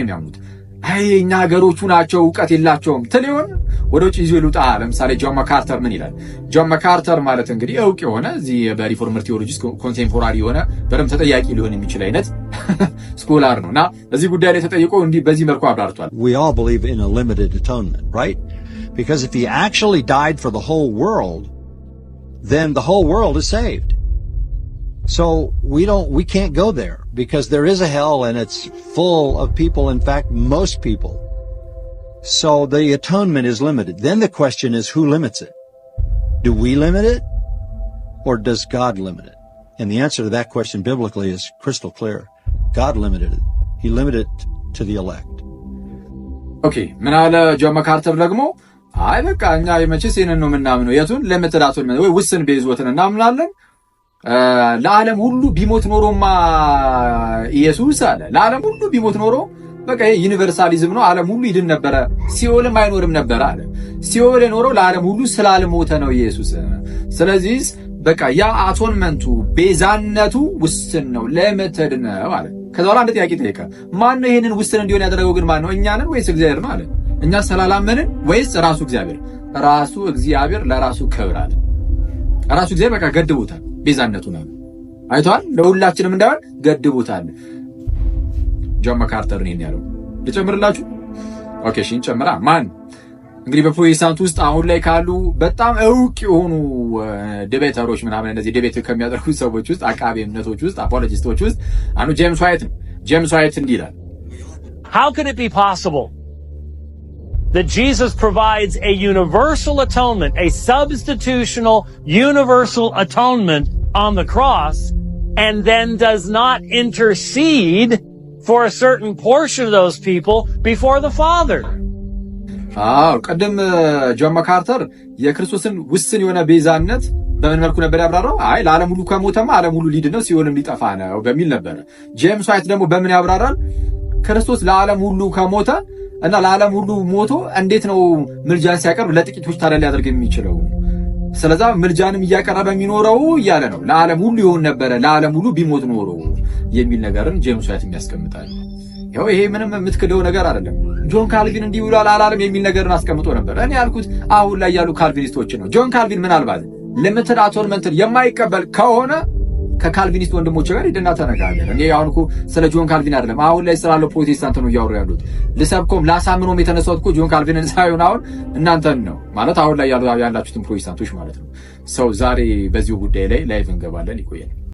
የሚያምኑት አይ እኛ ሀገሮቹ ናቸው እውቀት የላቸውም ትል ይሆን ወደ ውጭ ይዞ ይሉጣ። ለምሳሌ ጆን መካርተር ምን ይላል? ጆን መካርተር ማለት እንግዲህ እውቅ የሆነ እዚህ በሪፎርመር ቴዎሎጂ ኮንቴምፖራሪ የሆነ በደም ተጠያቂ ሊሆን የሚችል አይነት ስኮላር ነው እና በዚህ ጉዳይ ላይ ተጠይቆ እንዲህ በዚህ መልኩ አብራርቷል። We all believe in a So we don't, we can't go there because there is a hell and it's full of people. In fact, most people. So the atonement is limited. Then the question is who limits it? Do we limit it or does God limit it? And the answer to that question biblically is crystal clear. God limited it. He limited it to the elect. Okay. ምን አለ ጆን መካርተር ደግሞ አይ በቃ እኛ የመቼስ ይህንን ነው የምናምነው የቱን ለምትዳቱን ወይ ውስን ቤዝወትን እናምናለን ለዓለም ሁሉ ቢሞት ኖሮማ ኢየሱስ አለ። ለዓለም ሁሉ ቢሞት ኖሮ በቃ ይሄ ዩኒቨርሳሊዝም ነው፣ ዓለም ሁሉ ይድን ነበረ፣ ሲኦልም አይኖርም ነበረ አለ። ሲኦል የኖረው ለዓለም ሁሉ ስላልሞተ ነው ኢየሱስ። ስለዚህ በቃ ያ አቶንመንቱ ቤዛነቱ ውስን ነው፣ ለመተድ ነው አለ። ከዛ በኋላ አንድ ጥያቄ ጠየቀ። ማን ነው ይህንን ውስን እንዲሆን ያደረገው? ግን ማን ነው? እኛ ወይስ እግዚአብሔር ነው አለ። እኛ ስላላመንን ወይስ ራሱ እግዚአብሔር? ራሱ እግዚአብሔር ለራሱ ክብር አለ። ራሱ እግዚአብሔር በቃ ገድቦታል። ቤዛነቱ ነው። አይተዋል። ለሁላችንም እንዳይሆን ገድቡታል። ጆን መካርተር ነው ያለው። ልጨምርላችሁ። ኦኬ እሺ፣ እንጨምራ ማን እንግዲህ በፕሮቴስታንት ውስጥ አሁን ላይ ካሉ በጣም እውቅ የሆኑ ዲቤተሮች ምናምን እነዚህ ዲቤት ከሚያደርጉት ሰዎች ውስጥ አቃቤ እምነቶች ውስጥ አፖሎጂስቶች ውስጥ አንዱ ጄምስ ዋይት ነው። ጄምስ ዋይት እንዲህ ይላል How can it be possible that Jesus provides a universal atonement, a substitutional universal atonement on the cross, and then does not intercede for a certain portion of those people before the Father. አዎ ቀደም ጆን uh, ማካርተር የክርስቶስን ውስን የሆነ ቤዛነት በምን መልኩ ነበር ያብራራው? አይ ለዓለም ሁሉ ከሞተማ ዓለም ሁሉ ሊድን ነው፣ ሲሆንም ሊጠፋ ነው በሚል ነበረ። ጄምስ ዋይት ደግሞ በምን ያብራራል? ክርስቶስ ለዓለም ሁሉ ከሞተ እና ለዓለም ሁሉ ሞቶ እንዴት ነው ምልጃን ሲያቀርብ ለጥቂቶች ታዲያ ሊያደርግ የሚችለው? ስለዛ ምልጃንም እያቀረበ የሚኖረው እያለ ነው። ለዓለም ሁሉ ይሆን ነበረ ለዓለም ሁሉ ቢሞት ኖሮ የሚል ነገርን ጄምስ ዋይት የሚያስቀምጣል። ያው ይሄ ምንም የምትክደው ነገር አይደለም። ጆን ካልቪን እንዲህ ብሏል አላለም የሚል ነገርን አስቀምጦ ነበር። እኔ ያልኩት አሁን ላይ ያሉ ካልቪኒስቶችን ነው። ጆን ካልቪን ምናልባት ልምትን አቶርመንትን የማይቀበል ከሆነ ከካልቪኒስት ወንድሞች ጋር ሄድና ተነጋገር። እኔ አሁን እኮ ስለ ጆን ካልቪን አይደለም አሁን ላይ ስላለው ፕሮቴስታንት ነው እያወሩ ያሉት። ልሰብኮም ላሳምኖም የተነሳሁት እኮ ጆን ካልቪንን ሳይሆን አሁን እናንተን ነው ማለት አሁን ላይ ያላችሁትን ፕሮቴስታንቶች ማለት ነው። ሰው ዛሬ በዚሁ ጉዳይ ላይ ላይቭ እንገባለን። ይቆያል።